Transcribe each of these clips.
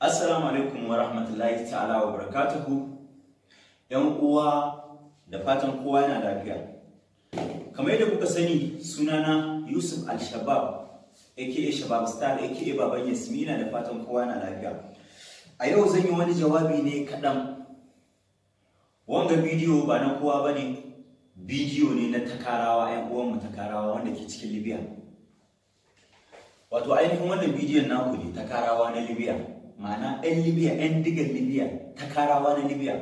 Assalamu alaikum wa rahmatullahi ta'ala wa barakatuhu. ‘Yan uwa da fatan kowa yana lafiya. Kamar yadda kuka sani sunana Yusuf Al-Shabab, aka Shabab Star, aka Baban Yasmina da fatan kowa yana lafiya. A yau zan yi wani jawabi ne kaɗan. Wanga bidiyo ba na kowa ba ne, bidiyo ne na takarawa ‘yan uwanmu takarawa wanda ke cikin Libya. Wato ainihin wannan bidiyon naku ne takarawa na Libya. ma'ana 'yan libya 'yan digar libya ta karawa na libya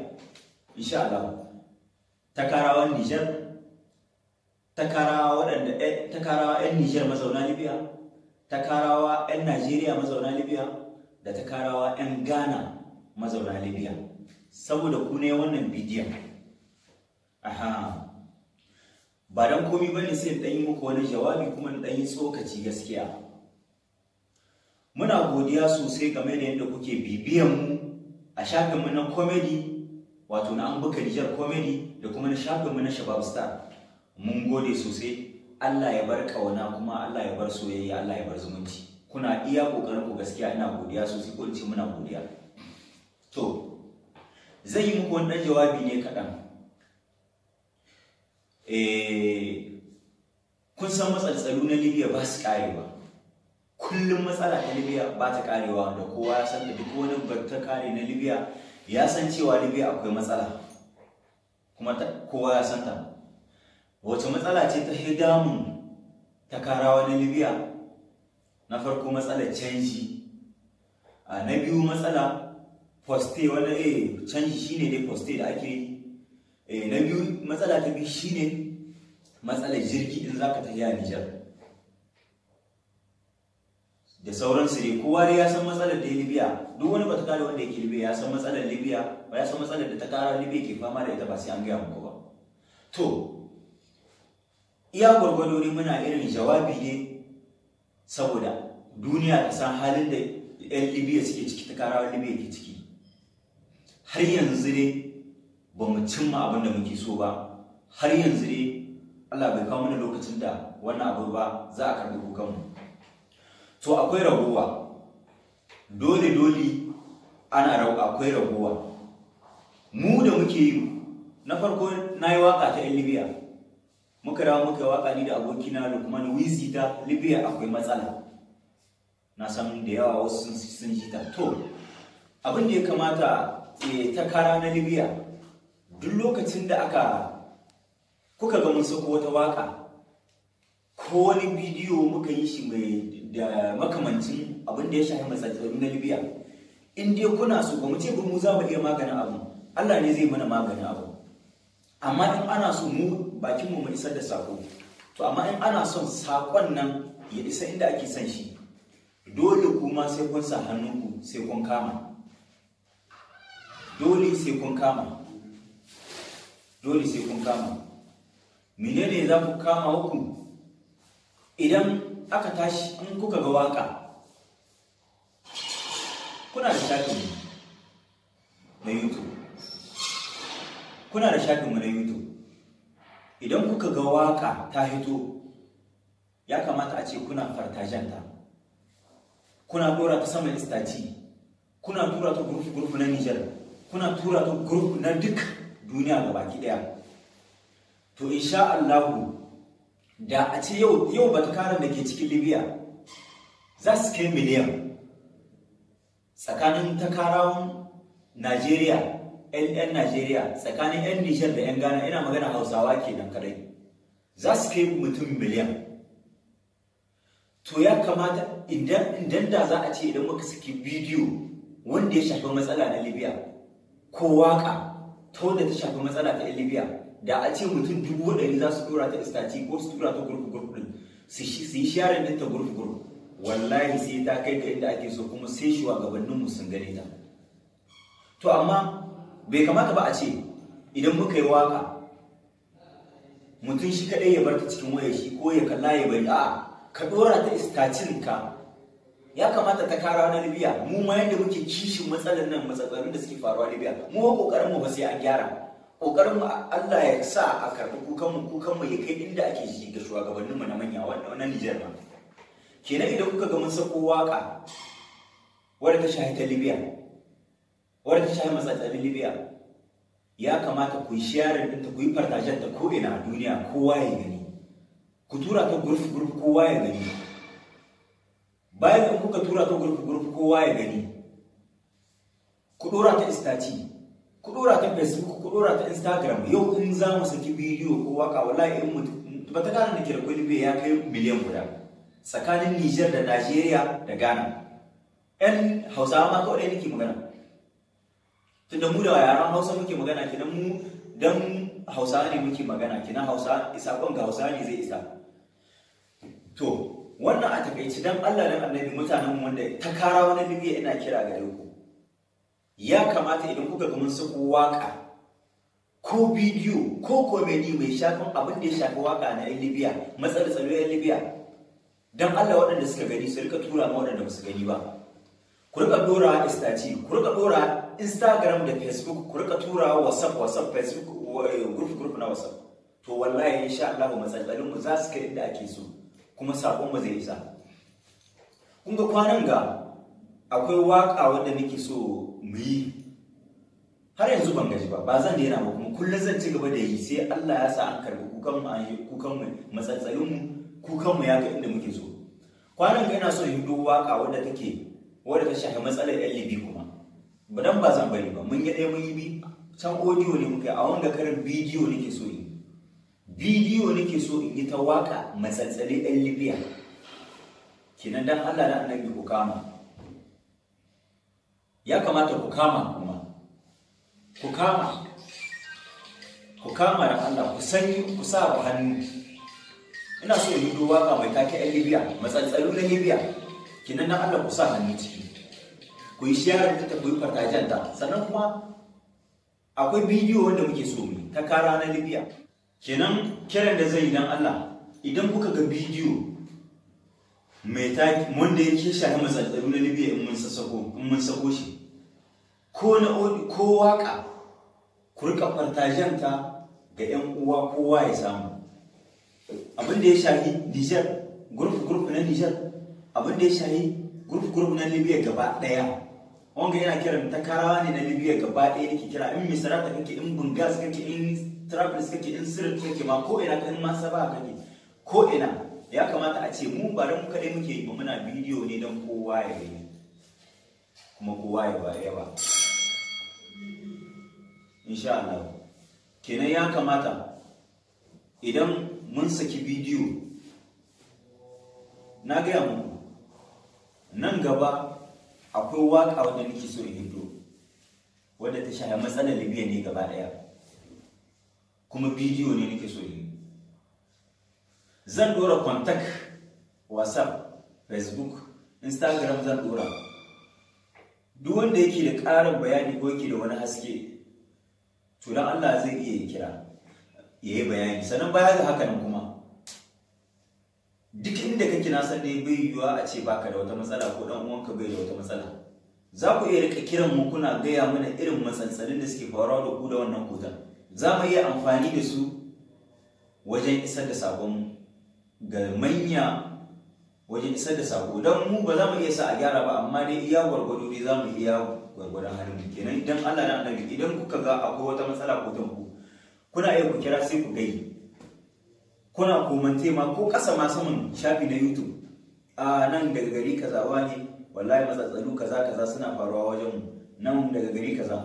insha Allah ta karawa nijar ta karawa waɗanda ta karawa 'yan nijar mazauna libya ta karawa 'yan najeriya mazauna libya da ta karawa 'yan ghana mazauna libya saboda ku ne wannan bidiyon aha ba don komi bane sai ɗan yi muku wani jawabi kuma ɗan yi tsokaci gaskiya muna godiya sosai game da yadda kuke bibiyan mu a shafinmu na comedy wato na an buka nijar comedy da kuma na shafinmu na shabab star mun gode sosai allah ya bar kauna kuma allah ya bar soyayya allah ya bar zumunci kuna iya kokarin ku gaskiya ina godiya sosai ko ce muna godiya to zai yi muku wani jawabi ne kaɗan eh, kun san matsaltsalu na libya ba su ƙarewa kullum matsala ta libya ba ta karewa wanda kowa ya san da duk wani ta kare na libya ya san cewa libya akwai matsala kuma kowa ya san ta wace matsala ce ta ta karawa na libya na farko matsalar canji a na biyu matsala poste wanda eh canji shine dai poste da ake eh na biyu matsala ta biyu shine matsalar jirgi in zaka tafiya a Nijar da sauran su ne kowa dai ya san matsalar da libya duk wani bata kare wanda yake libya ya san matsalar libya ba ya san matsalar da ta kara libya ke fama da ita ba sai an gaya muku ba to iya gwargwado ne muna irin jawabi ne saboda duniya ta san halin da 'yan libya suke ciki ta karawar libya ke ciki har yanzu ne ba mu cimma abin da muke so ba har yanzu ne allah bai kawo mana lokacin da wannan abu ba za a karɓi kukanmu to akwai ragowa dole dole ana akwai ragowa mu da muke yi na farko na yi waka ta 'yan libya muka dawo muka yi waka ni da abokina lukman wizi ta libya akwai matsala na san da yawa wasu sun ji ta to abin da ya kamata eh, ta kara na libya duk lokacin da aka kuka ga mun sako wata waka ko wani bidiyo muka yi shi mai da makamancin abin da ya shahi matsalolin na libya in dai kuna so ba mu ce mu za mu iya maganin abu allah ne zai mana maganin abu amma in ana so mu bakin mu isar da sako to amma in ana son sakon nan ya isa inda ake son shi dole kuma sai kun sa hannunku sai kun kama dole sai kun kama dole sai kun kama menene za ku kama maku idan aka tashi in kuka ga waka kuna da shafin na youtube kuna da shafin na youtube idan kuka ga waka ta hito ya kamata a ce kuna fartajanta kuna dora ta saman istati kuna tura ta gurfi gurfi na nijar kuna tura ta gurfi na duk duniya ga baki daya to in insha Allahu da a ce yau yau batakaran da ke cikin libya za su kai miliyan tsakanin takarawan najeriya 'yan najeriya tsakanin 'yan nijar da 'yan ghana ina magana hausawa ke kenan kadai za su kai mutum miliyan to ya kamata idan da za a ce idan muka saki bidiyo wanda ya shafi matsala na libya ko waka ta wanda ta shafi matsala ta libya da a ce mutum dubu ɗari za su tura ta istaci ko su tura ta gurfu gurfu din su yi sharan din ta gurfu gurfu wallahi sai ta kai ga inda ake so kuma sai shugabannin mu sun gane ta to amma bai kamata ba a ce idan muka yi waka mutum shi kaɗai ya bar ta cikin wayar shi ko ya kalla ya bari a ka ɗora ta istacin ka ya kamata ta kara na libya mu ma yadda muke kishin matsalar nan matsalolin da suke faruwa libya mu ba kokarin mu ba sai a gyara kokarin Allah ya sa a karɓi kukan mu kukan mu ya kai inda ake shi ga shugabannin mu na manya wanda wannan Niger ma kenan idan kuka ga mun sako waka wanda ta shahi ta Libya wanda ta shahi matsatsalin Libya ya kamata ku yi din ta ku yi fartajen ta ko'ina a duniya kowa ya gani ku tura ta gurf gurf kowa ya gani bayan kuka tura ta gurf gurf kowa ya gani ku dora ta istati ku ta facebook ku ta instagram yau in za mu saki bidiyo ko waka wallahi in mutu ba ta gane da kirkuli bai ya kai miliyan guda tsakanin niger da nigeria da ghana yan hausawa ma kawai nake magana da mu da yaran hausa muke magana kenan mu dan hausawa ne muke magana kenan hausa isa kon ga hausawa ne zai isa to wannan a takaici dan Allah dan annabi mutanen wanda ta kara wani bibiya ina kira gare ku ya kamata idan kuka ga mun sako waka ko bidiyo ko komedi mai shafin abin da ya shafi waka na yan libya matsalar tsaro yan libya don allah waɗanda suka gani su rika tura ma waɗanda ba su gani ba ku rika dora istaci ku rika dora instagram da facebook ku rika tura whatsapp whatsapp facebook eh, group group na whatsapp to wallahi insha allah matsalolin mu za su kai inda ake so kuma sakon mu zai isa kun ga kwanan ga akwai waƙa wanda nake so mu yi har yanzu ban gaji ba ba zan daina ba kuma kullum zan ci gaba da yi sai Allah ya sa an karbi kukan mu an yi kukan mu matsatsayin mu kukan mu ya ga inda muke so kwanan ga ina so yi duk waƙa wanda take wanda ta shafi matsalar libi kuma ba dan ba zan bari ba mun yi ɗaya mun yi bi can audio ne muka a wanga karin bidiyo nake so yi bidiyo nake so in yi ta waka matsatsalin libiya. kenan dan Allah da annabi ku kama ya kamata ku kama kuma ku kama ku kama da Allah ku sanyi ku sa ku hannu ina so yi waka mai take a Libya matsatsalu na Libya kinan nan Allah ku sa hannu ciki ku yi shiyar da ta ku yi ta sannan kuma akwai bidiyo wanda muke so mu ta kara na Libya Kinan kiran da zai dan Allah idan kuka ga bidiyo mai taki wanda yake shahi matsatsalu na Libya in mun sako in mun sako shi ko na odi ko waka ku rika fartajanta ga 'yan uwa kowa ya samu abin da ya shafi nijar gurfu-gurfu na nijar abin da ya shafi gurfu-gurfu na libya gaba daya wanga yana kiran ta karawa ne na libya gaba daya nake kira in misrata kake in bungas kake in traplis kake in sirt kake ma ko ina kan ma saba kake ko ina ya kamata a ce mu ba mu kadai muke yi ba muna bidiyo ne don kowa ya gani kuma kowa ya ba insha Allah kenan ya kamata idan mun saki bidiyo na gaya mu nan gaba akwai waka wadda nake so in hindo wadda ta shaha matsalar libya ne gaba daya kuma bidiyo ne nake so yi zan dora kontak whatsapp facebook instagram zan dora duk wanda yake da ƙarin bayani ko yake da wani haske to Allah zai iya kira ya yi bayani sannan baya ga haka nan kuma duk inda kake na san dai bai yiwuwa a ce baka da wata matsala ko dan uwanka bai da wata matsala za ku iya rika kiran mu kuna gaya mana irin matsaltsalin da suke faruwa da ku da wannan kutan za mu iya amfani da su wajen isar da sakon ga manya wajen isar da sako don mu ba za mu iya sa a gyara ba amma dai iya gwargwado dai za mu iya gwargwadon halin kenan idan Allah na annabi idan kuka ga akwai wata matsala ko tanku kuna iya ku kira sai ku gai kuna komante ma ko kasa ma saman shafi na YouTube a nan daga gari kaza ne wallahi matsatsalu kaza kaza suna faruwa wajen mu nan daga gari kaza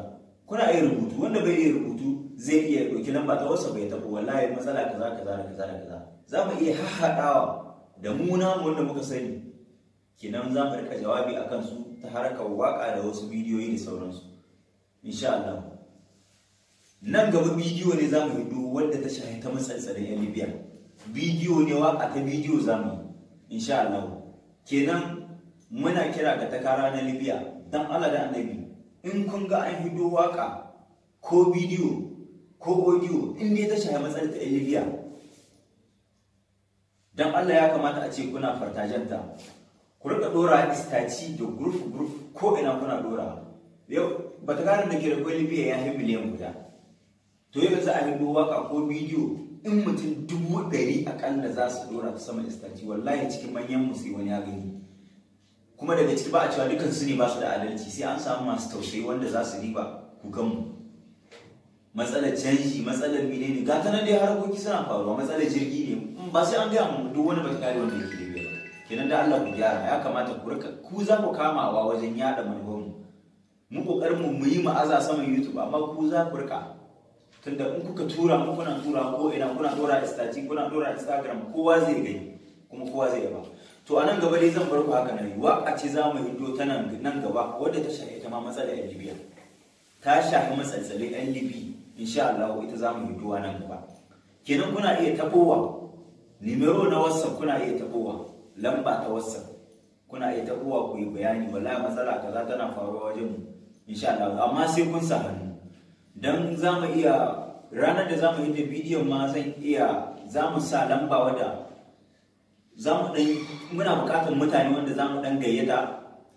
kuna iya rubutu wanda bai iya rubutu zai iya ɗauki lamba ta wasa bai tafi wallahi matsala kaza kaza da kaza da kaza za mu iya haɗawa da mu namu wanda muka sani kenan za mu rika jawabi a kansu ta harkar waka da wasu bidiyoyi da sauransu insha Allah nan gaba bidiyo ne za mu hido wadda ta shahi ta matsantsarin yan libya bidiyo ne waka ta bidiyo za mu yi insha Allah kenan muna kira ga takara na libya dan Allah da annabi in kun ga an hido waka ko bidiyo ko audio in dai ta shahi matsalar ta libya dan Allah ya kamata a ce kuna fartajanta ku rika dora istaci da group group ko ina kuna dora yau ba ta karin da ke da kwai libya ya fi miliyan guda to yau za a hindo waka ko bidiyo in mutum dubu ɗari akalla za su dora ta sama istaci wallahi cikin manyan musu wani ya gani kuma daga ciki ba a cewa dukkan su ne ba su da adalci sai an samu masu tausayi wanda za su riba kukanmu matsalar canji matsalar mine ne ga nan dai harkoki suna faruwa matsalar jirgi ne ba sai an gaya mu duk wani ba kare wanda yake kenan da Allah ku gyara ya kamata ku rika ku za ku kamawa wajen yada manufofin mu kokarin mu mu yi ma'aza saman YouTube amma ku za ku rika tunda in kuka tura mu kuna tura ko ina kuna dora istati kuna dora Instagram kowa zai gani kuma kowa zai yaba to a nan gaba dai zan bar ku haka nan a ce za mu hindo ta nan gaba Wanda ta shafi ta ma matsalar yan Libya ta shafi matsaltsalin yan Libya insha Allah ita za mu hindo nan gaba kenan kuna iya tabowa numero na WhatsApp kuna iya tabowa lamba ta wasa, kuna iya tabuwa ku yi bayani wallahi matsala kaza tana faruwa wajen mu insha Allah amma sai kun sa hannu dan za mu iya ranar da za mu yi da bidiyon ma zan iya za mu sa lamba wada za mu dan muna buƙatar mutane wanda za mu ɗan gayyata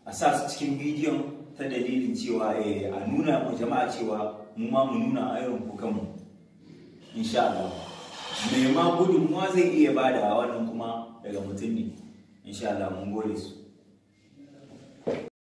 a sa su cikin bidiyon ta dalilin cewa eh, a nuna mu jama'a cewa mu ma mu nuna a ku kukanmu insha Allah mai ma gudunmuwa zai iya bada wannan kuma daga mutum ne insha mun gode su